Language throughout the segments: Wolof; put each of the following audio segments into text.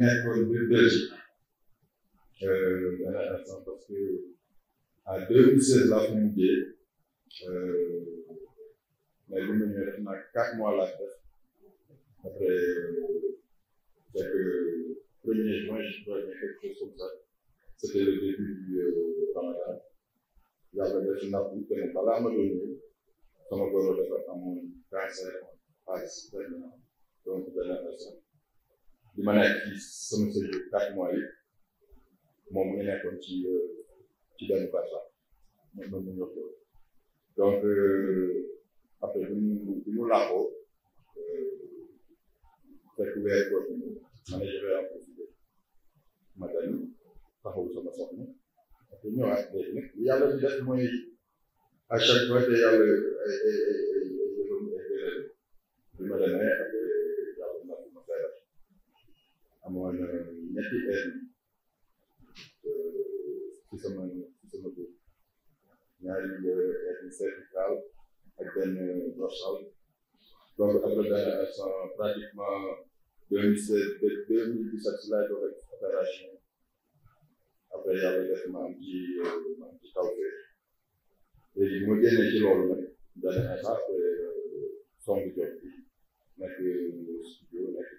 nekkoon biir Belgique dana intéressant parce que à deux mille seize laa fi mujjee mais bi ma ñëwee def naa quatre mois laa def après fekk premier juin je crois quelque chose comme ça c'était le début du Ramadan yàlla def na pour que balaa ma doon ñëw sama góor dafa amoon cancer phase terminale donc dana intéressant bi ma nekk ci sama séjour quatre mois yi moom mu ngi nekkoon ci ci benn barab moom moom ñu donc après bi ñu bi ñu làqoo fekk weer koor bi ma ne je vais en profiter ma dañ taxawu sama soxna après ñëwaat léegi nag yàlla li def mooy à chaque fois te yàlla ay ay ay ay ay ay ay ay ay ay ay ay ay ay amoon euh, ñetti heure ci sama ci sama bopp ñaari heure cervical ak benn dorsal donc après pratiquement deux mille seize ba deux mille dix sept laay doon rek opération après yàlla def ma am ci euh, ma am ci taw léegi mu génne ci loolu nag dana étape euh, song jot bi nekk studio nekk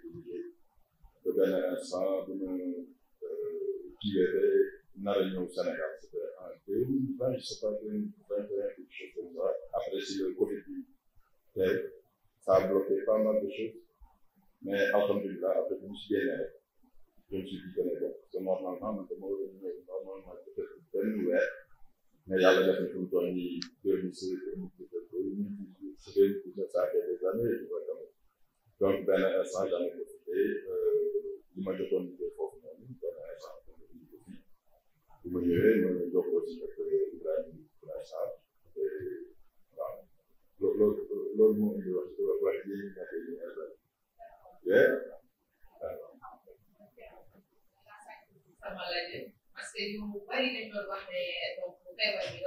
benn instant bu ñu kiiwee ba nar a ñëw Sénégal c'était en deux mille vingt je sais pas deux mille vingt et un quelque chose comme ça après si le Covid bi te ça a bloqué pas mal de choses mais alhamdulilah après bu ñu si génnee rek je me suis dit que ne bon c'est normalement man dama war a ñëw normalement peut-être benn weer mais yàlla def na fi mu toll nii deux mille seize deux mille dix-sept deux mille dix-huit deux mille dix-neuf ça fait des années donc benn instant j'en ai profité li ma jotoon liggéey foofu noonu benn exemple la ñu ko fi bi ma ñëwee ma jokkoo ci ak Ibrahima Ibrahima Sarr waaw loolu loolu moo indi wax wax ji nekk ñu parce que ñu bari dañ doon wax ne donc feebar bi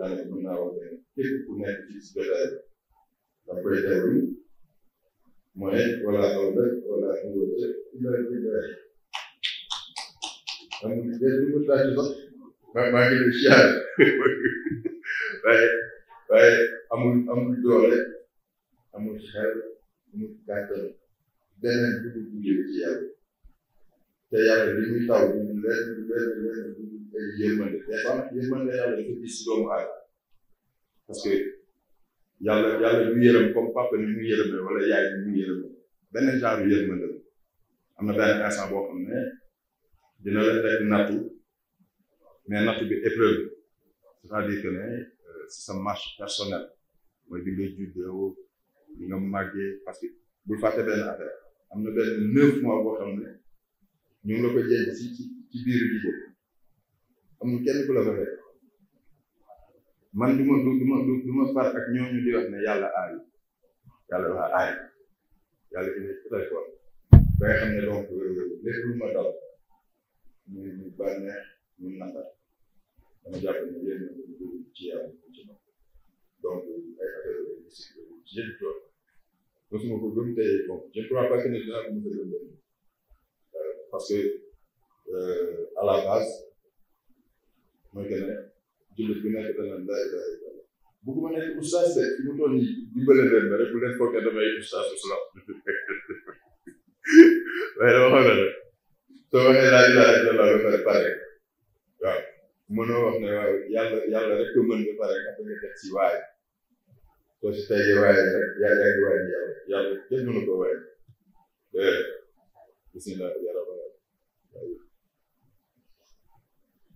daanaka mën naa wax ne képp ku nekk ci jotaay da koy teewlu mooy wala aw rek wala amoo rek ndax li nga rey donc léegi lu sax maa ngi lay siyaar waaye waaye amul amul doole amul xel amul kàttan beneen dugub bu jëm ci yàlla eh. te yàlla li muy taw du leen du leen du leen yërmande dafa yërmande yàlla dafa gis doomu aadama parce que yàlla yàlla du yërëm comme papa ni mu yërëme wala yaay ni mu yërëme benn genre yërmande la am na benn instant boo xam ne dina la fekk nattu mais nattu bi épreuve c'est-à-dire que ne euh, sa marche personnelle mooy bi nga juddoo bi nga màggee parce que bul fàtte benn affaire am na benn neuf mois boo xam ne ñu ngi la ko jéem ci ci biir bi amul kenn ku la ko fekk man du ma du du ma far ak ñooñu di wax ne yàlla aay yàlla dafa aay yàlla il est ba nga ne donc lépp lu ma dal muy muy bànneex muy naqar dama jàpp ne yéen ci yàlla donc ay affaire yu ci yëpp quoi parce que ma ko gëm tey bon je crois pas que ne dinaa ko mën mooy que ne jullit bi nekk dana la ilaha illallah bu ko nekk oustaz de fi mu toll nii dimbale leen ba rek bu leen foog ne damay oustaz islam waaye dama xam ne rek soo waxee laa ilaha illallah ba pare pare waaw mënoo wax ne waaw yàlla yàlla rek ko mën ba pare après nga teg si waaye soo si tegee waaye rek yaa yaa ngi waaye yàlla yàlla kenn mënu ko waaye bismillah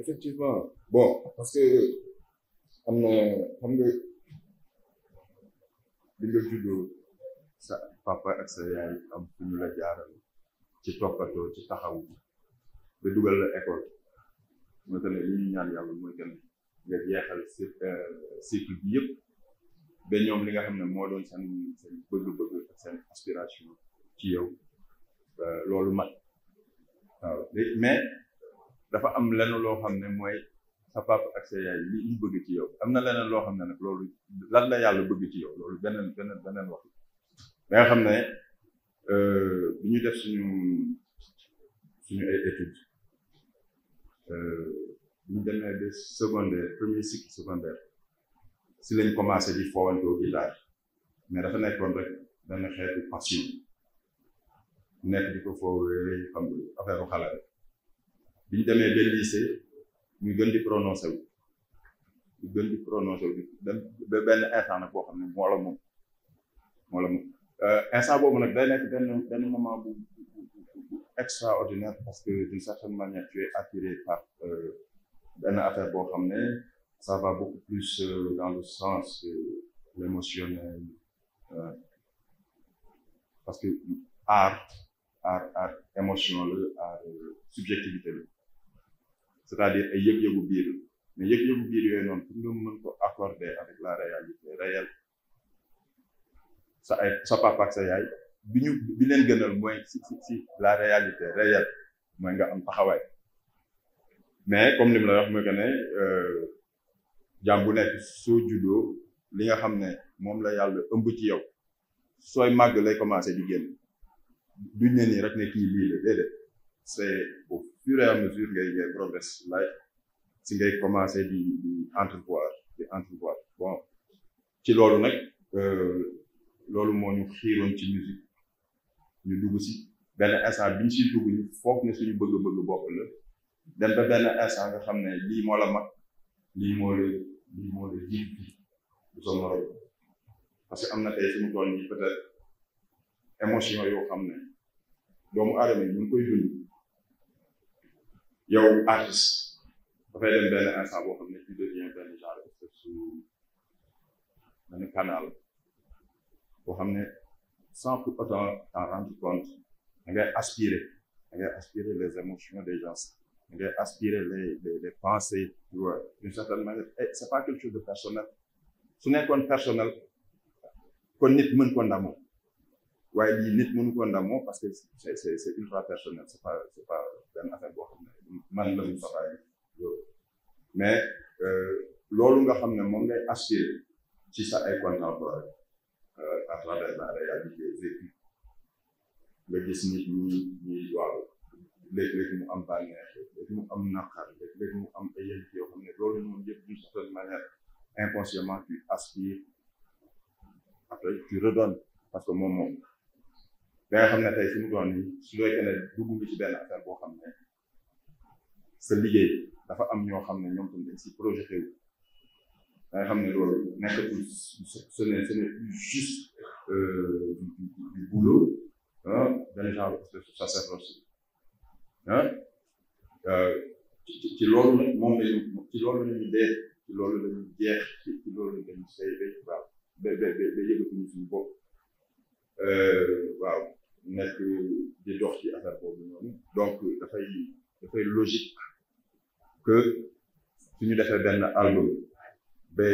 effectivement bon parce que am na xam nga bi nga juddoo sa papa ak sa yaay am fu ñu la jaaral ci toppatoo ci taxawu ba dugal la école moo tax ne li ñu ñaan yàlla mooy nga jeexal euh, cycle bi yëpp ba ñoom li nga xam ne moo doon seen seen bëgg-bëgg ak seen aspiration ci yow euh, loolu mat waaw mais dafa am lenn loo xam ne mooy sa papa ak sa yaay li ñu bëgg ci yow am na leneen loo xam ne nag loolu lan la yàlla bëgg ci yow loolu beneen beneen beneen wax da nga xam ne euh, bi ñu def suñu suñu ay études euh, bu ñu demee ba secondaire premier cycle secondaire si lañ commencé di foowantoo village mais dafa nekkoon rek benn xeetu passion nekk di ko foowee xam affaire xalaat bi ñu demee benn lycée ñu gën di prononcé ñu gën di prononcé wu ba benn instant nag boo xam ne moo moom moo la moom euh, instant boobu nag day nekk benn benn moment bu extraordinaire parce que d'une certaine manière tu es attiré par euh, benn affaire boo xam ne ça va beaucoup plus euh, dans le sens l'émotionnel parce que art art émotion la art subjectivité la c'est-à-dire ay yëg-yëgu biir yooyu noonu pour nga mën ko accorder avec la réalité réelle sa ay sa yaay bi ñu bi leen gënal mooy si si si la réalité réelle mooy nga am taxawaay mais comme ni mu la wax mooy que euh, jaam bu nekk soo juddoo li nga xam ne moom la yàlla ëmb ci yow sooy màgg lay commencé di génn duñ ne nii rek ne kii lii la déedéet c'est fur et à mesure ngay ngay progress life si ngay commencer di di entrevoir di entrevoir bon ci loolu nag euh, loolu moo ñu xiiroon ci musique ñu dugg si benn instant bi si dugg ñu foog ne suñu bëgg-bëgg bopp la dem benn instant nga xam ne lii moo la mag lii moo la lii moo la jiit du sa morom parce que am na tey fi mu nii peut émotion yoo xam ne doomu aadama yi koy dund yow artiste dafay dem benn instant boo xam ne tu deviens benn genre su benn canal boo xam ne sans pour autant t'en rendre compte da ngay les émotions des gens da ngay aspirer les les pensées d'une certaine manière c'est pas quelque de personnel su nekkoon personnel kon nit mën ko ndamoo waaye li nit mënu ko ndamoo parce que c'est c'est c'est personnel c'est pas c'est pas benn affaire man la mu faxaay loolu mais euh, loolu nga xam ne moom ngay assurer ci sa ay contemporain euh, à travers la réalité vécue nga gis nit ñi ñuy waaw léeg mu am bànneex léeg mu am naqar léeg-léeg mu am ay yëngu yoo ne loolu moom yëpp d'une certaine manière inconsciemment tu aspires après tu redonnes parce que moom ba nga xam ne tey fi mu doon nii su fekkee ne dugg nga ci benn affaire boo xam ne sa liggéey dafa am ñoo xam ne ñoom tam dañ si projet xew da xam ne loolu nekkatul ce n'est ce n'est plus juste euh, du boulot ah benn genre sacerdoce ah euh, ci loolu moom la ci loolu la ñu ci loolu la jeex ci loolu la ñu say ba waaw ba ba ba yëgatuñu suñu bopp euh, waaw. nekk di dox ci affaire boobu noonu donc dafay dafay logique que suñu defee benn album ba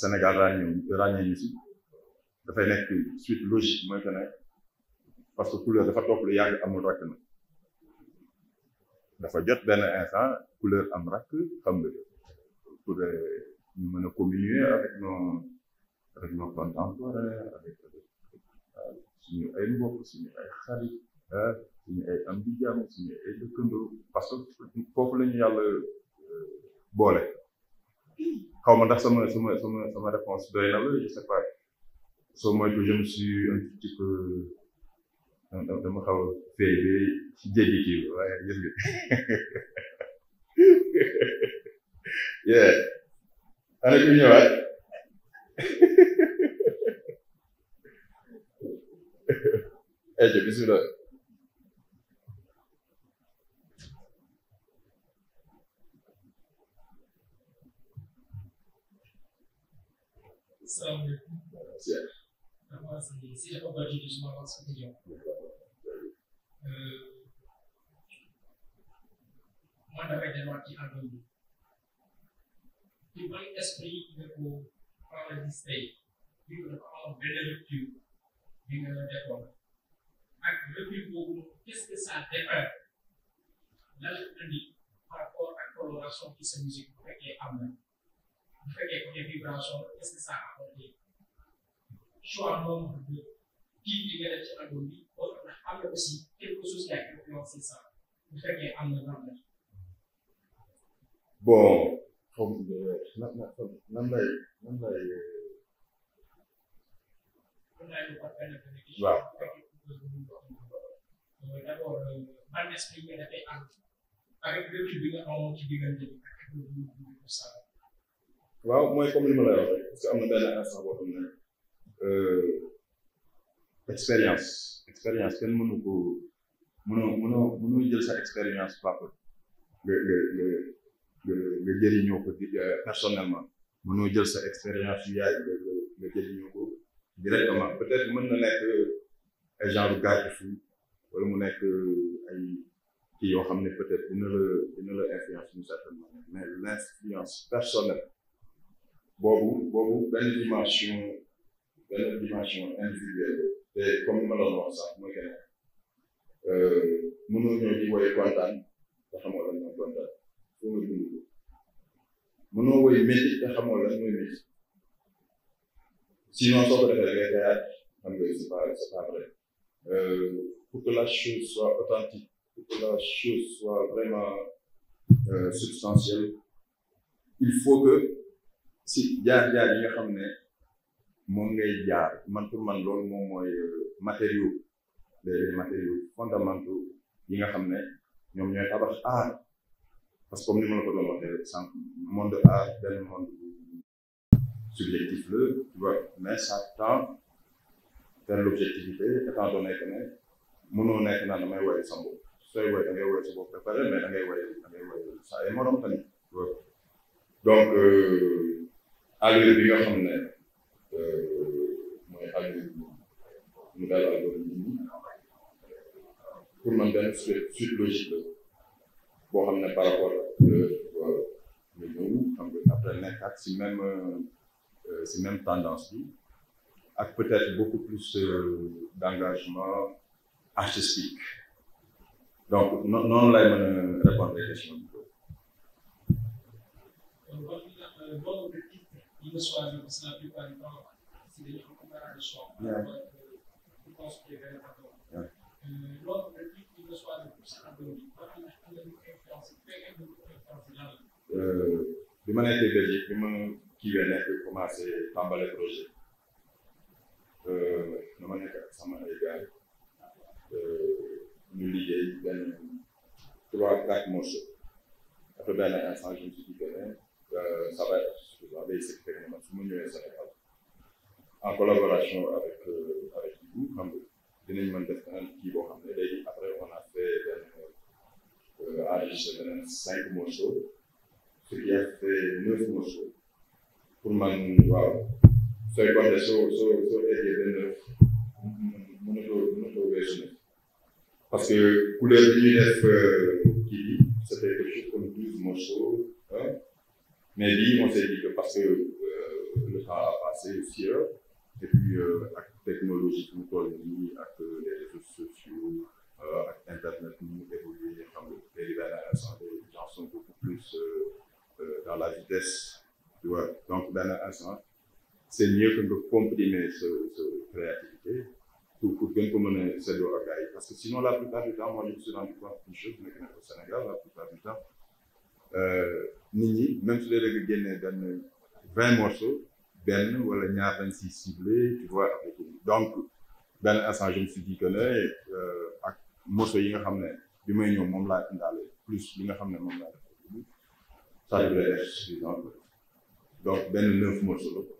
Sénégal ràññee ràññee ñu si dafay nekk suite logique mooy que ne parce que couleur dafa toog lu yàgg amul rakk na dafa jot benn instant couleur am rakk xam nga pour ñu mën a communier avec nos avec nos contemporains avec. suñu ay mbokk suñu ay xarit ah, suñu ay am di ay dëkkandoo parce que foofu la ñu yàlla euh, boole xaw ma ndax sama sama sama sama réponse doy na la je sais pas soo moytu je me suis un petit peu dama xaw a fay ba jéggi kii waaye gis nga yeah ana Ece bismillah. Selamünaleyküm. Selam. Ben Hasan Deniz. Yapı Bacı Gülsüm Arvan Sıkıcam. man dafay delluwaat ci àdduna bi ci bari esprit yi nga ko faral di say bi nga dafa amoon benn lecture bi nga defoon ak revenu boobu qu'est-ce que ça dépend lan la indi par rapport ak coloration ci sa musique bu fekkee am na bu fekkee côté vibration qu'est-ce que ça apporté choix nombre de kii bi nga def ci album bi boo xam ne am na aussi quelque chose qui a influencé ça bu fekkee am na lan la. bon xam euh, nga nan lay nan lay. Euh, waaw. d'abord bànneex bi nga waaw mooy comme li ma la wax parce am na benn instant boo xam ne euh, expérience expérience kenn mënu ko mënoo mënoo mënoo jël sa expérience papa nga nga nga nga jëriñoo ko euh, personnellement mënoo jël sa expérience yaay nga nga jëriñoo ko directement peut-être mën na nekk. ay genre gars yi wala mu nekk ay kii yoo xam ne peut-être la dina la influence d'une certaine manière l'influence personnelle boobu boobu benn dimension benn dimension individuelle te comme ma la wax sax mooy que ne euh, mënoo ñëw te xamoo lan mooy kontaan foo nga dund ko woy métti te xamoo lan mooy métti sinon soo ko defee da ngay xam nga c'est euh, pour que la chose soit authentique, pour que la chose soit vraiment euh, il faut que si jaar-jaar yi nga xam ne moom ngay jaar man pour man loolu moom mooy euh, matériaux les matériaux fondamentaux yi nga xam ne ñoom ñooy tabax art parce que comme ni ma la ko doon waxee sànq monde art benn monde subjectif la tu vois mais vers l'objectivité étant donné que ne mënoo nekk naan damay woyee sa bopp sooy woy da ngay woy sa bopp ba pare mais da ngay woy da ngay woy sa ay morom tamit donc euh, allure bi nga xam ne euh, mooy allure mu daal algorithme bi pour man benn suite logique la boo xam ne par rapport ak ñu euh, ñëw xam nga après nekkaat si même si même tendance bi ak peut-être beaucoup plus euh, d'engagement artistique donc noonu lay mën a répondre question bi. Euh, bi ma nekkee Belgique bi ma kiiwee nekk commencé tàmbale projet dama euh, nekk ak sama ay gars euh, ñu liggéey benn trois quatre morceaux après benn instant je me suis dit que ne euh, ça va être su ma ñëwee Sénégal en collaboration avec avec Ibou xam nga dinañ mën def benn kii boo xam ne léegi après on a fait benn enregistré benn cinq ce qui a fait neuf morceaux pour man waaw. sooy compter soo soo parce que couleur bi ñuy def kii c'était quelque chose comme douze mais bii on s'est dit que ¿eh? parce eh, que le temps a passé aussi et puis ak technologie bi mu toll nii les réseaux sociaux ak eh, internet bi mu évolué xam nga léegi la santé les dans la vitesse donc dans la santé. c'est mieux que nga comprimer sa sa créativité pour pour gën ko mën a seetloo ak gars yi parce que sinon la plupart du temps moi je me suis rendu compte une chose nekk na ko Sénégal la plupart du temps euh, nit ñi même su dee da nga génnee benn vingt morceaux benn wala ñaar dañ si ciblé tu vois donc benn instant je me suis dit que ne euh, ak morceaux yi nga xam ne bi may ñëw moom laa indaale plus li nga xam ne moom laa def ça devrait être suffisant donc benn neuf morceaux la.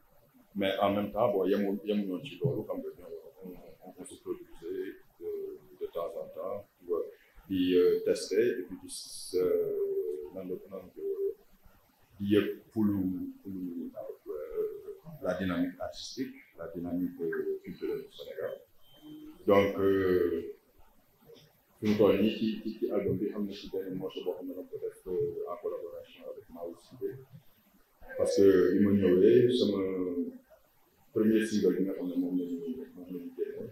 mais en même temps bon yemu yemuñoo ci loolu xam nga ñoom on se produisait de temps en temps pour di euh, tester et puis euh, nan la nan di yëg pour pour euh, la dynamique artistique la dynamique culturelle du donc fi mu toll nii ci ci ci album bi am na ci benn morceau boo xam ne peut-être en collaboration avec Maodo parce que li ma ñëwee sama premier single bi nga xam moom la moom la ñu génne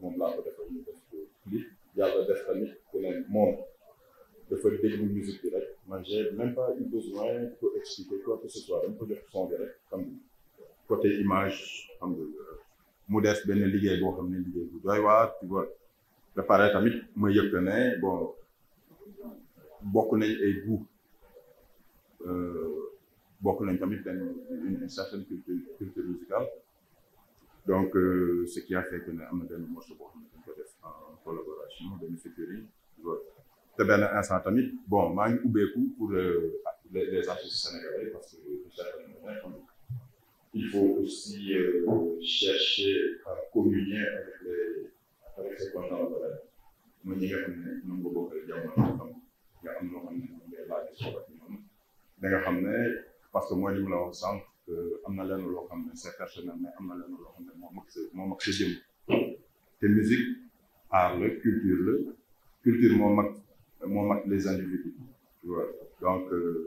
moom laa ko defal ñu def ko clip yàlla def tamit moom dafa déglu musique bi rek man j'ai même pas eu besoin pour expliquer quoi que ce soit dama ko jox image xam nga mu des benn liggéey boo xam ne liggéey bu doy waar tu vois ba pare tamit ma yëg ne bon bokk nañ tamit benn une certaine culture culture musicale donc euh, ce qui a fait que ne am na benn morceau boo xam ne dañ ko def en collaboration benn featuring te benn instant tamit bon maa ngi ubbeeku pour euh, les artistes sénégalais parce que il faut aussi euh, chercher à communier avec les avec ses contemporains mooy ñi nga xam ne ñoom nga bokkal jamono nga xam nga am loo xam ne moom ngay laaj soxla ci ñoom da nga xam ne parce que mooy li mu la wax sànq am na lenn loo xam ne c'est personnel mais am na lenn loo xam ne moom ak sa moom ak sa jëm te musique art la culture la culture moo mag moo mag les individus tu vois donc euh,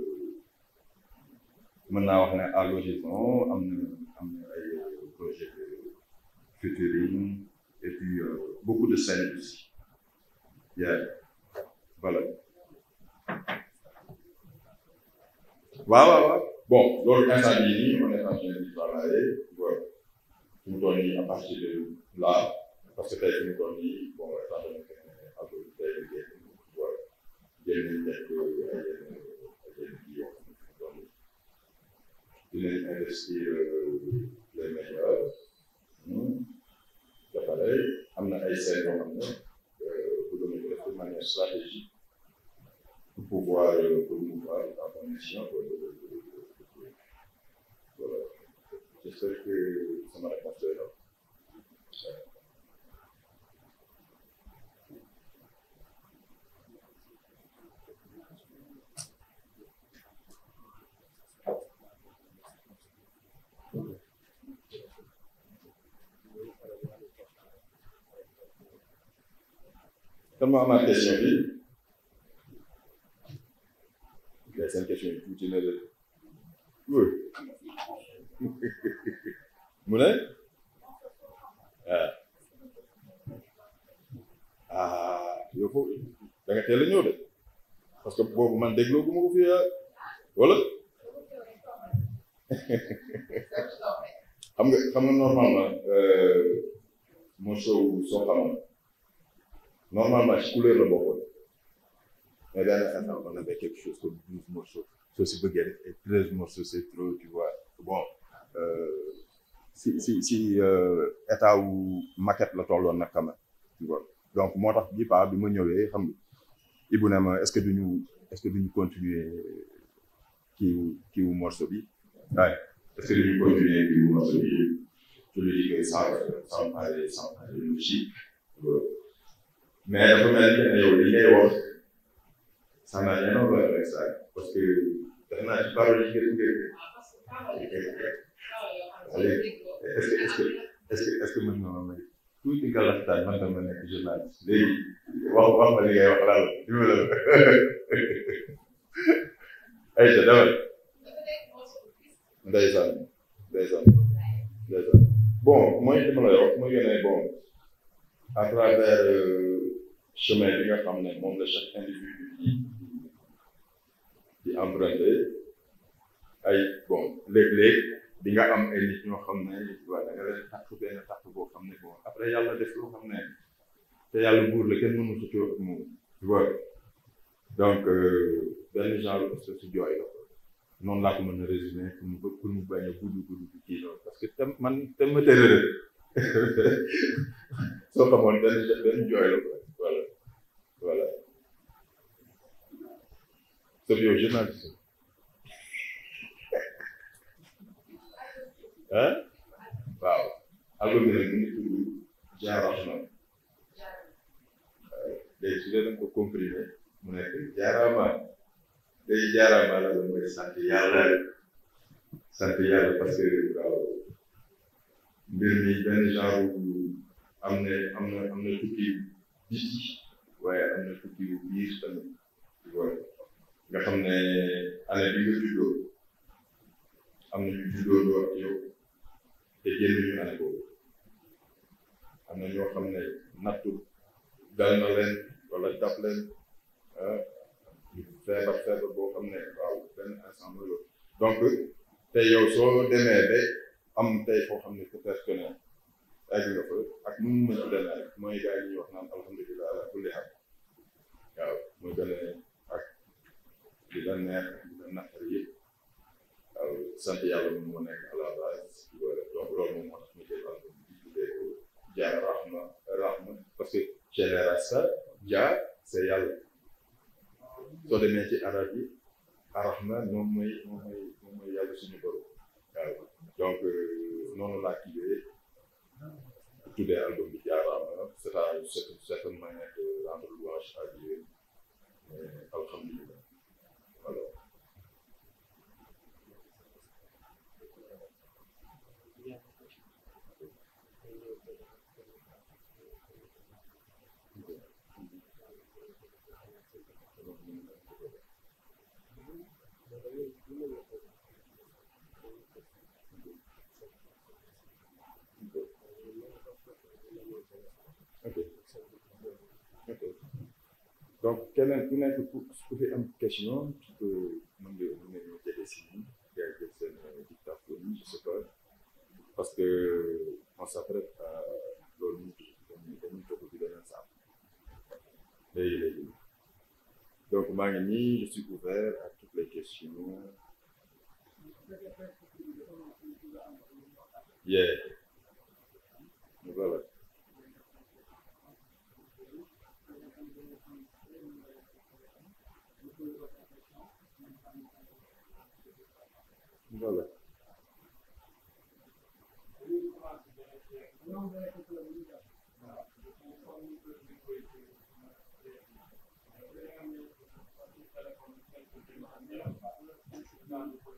mën naa wax ne à l'horizon am na am na ay euh, projet de featuring et puis euh, beaucoup de scènes aussi yeah. voilà waaw waaw waaw bon loolu instant bii nii on est en train de travailler voilà fi mu toll nii à partir de là parce que tey fi mu toll nii bon état bi ak tey génn voilà génn nekk ay ay millions dinañ investir les meilleurs ba pare am na ay seen yoo xam ne bu ñu def de manière stratégique pour pouvoir promouvoir la formation voilà j'espère que sama réponse doy na kan moo amaat question bi seen question bi tuuti na de mu ne ah. ah yow foofu da nga teel a ñëw de parce que boobu man dégloo gu ma ko fii ah. wala xam nga xam nga normalement moo soow soo xam normalement ci couleur la bokkoon mais daanaka on avait quelque chose comme douze morceaux soo si bëggee def ay treize morceaux c'est trop bon Euh, si si si euh, état wu maquette la tolloon nag quand même donc moo tax bii paa bi ma ñëwee xam nga Ibou ne ma est-ce que duñu est continuer kii wu kii waaye est-ce que duñu continuer kii wu mais dafa mel ni yow li ngay wax ça n'a rien à voir avec ça parce que defe naa ci léegi est ce que est ce que est ce que mën nga ma may tuuti nga laxtaan man dama nekk journaliste léegi wax wax ma li ngay wax laal dimbala ma Aïcha demal ndeysaan ndeysaan ndeysaan bon mooy dama lay wax mooy gën a bon à travers chemin bi nga xam ne moom la chaque individu yi di emprunté ay bon léeg-léeg di nga am ay ñoo xam ne waaye da nga leen takk benn takk boo xam ne bon après yàlla def loo xam ne te yàlla buur la kenn mënu sutur ak moom tu donc euh, benn jooy la ko mën a résumé pour mu pour mu bañ a gudd gudd parce que man te ma tërëre soo xamoon benn jooy la quoi voilà voilà ah waaw agglomérer bi ñu tudd jaarama léegi su dee da nga ko comprimé mu nekk jaarama léegi jaarama la la mooy sant yàlla sant yàlla parce que waaw mbir mi benn genre am na am na am na tukki biti waaye am na tukki biir tamit nga xam ne année bi nga juddoo am na ñu juddoo doo ak yow te génn ñu année boobu am na ñoo xam ne nattu dal na leen wala jàpp leen ah, feebar feebar boo xam ne waaw benn instant la donc tey yow soo demee ba am tey foo xam ne peut-être que egg nga fa ak nu mu mën ci demee mooy gars yi ñuy wax naan alhamdulilah ala kulli haal waaw mooy gën ak di la neex ak di la naqari sant yàlla moom moo nekk à la base donc loolu moo tax ñu jël album bi tuddee ko Jah Rahma Rahma parce que Rasta Jah c'est yàlla soo demee ci arab yi Arahma moom mooy moom mooy moom mooy yàlla suñu borom donc euh, noonu laa kiiwee tuddee album bi Jah Rahma c'est une certaine manière de rendre louange à Dieu donc keneen ku nekk ku fi am question tu peux mën nga mën nga ñëw jëlee si ñun gars yi jël seen dictaphone je sais pas parce que on s'apprête euh, à loolu ñu dañuy toog ci beneen salle léegi léegi donc maa ngi nii je suis ouvert à toutes les questions yeah voilà voilà Thank you.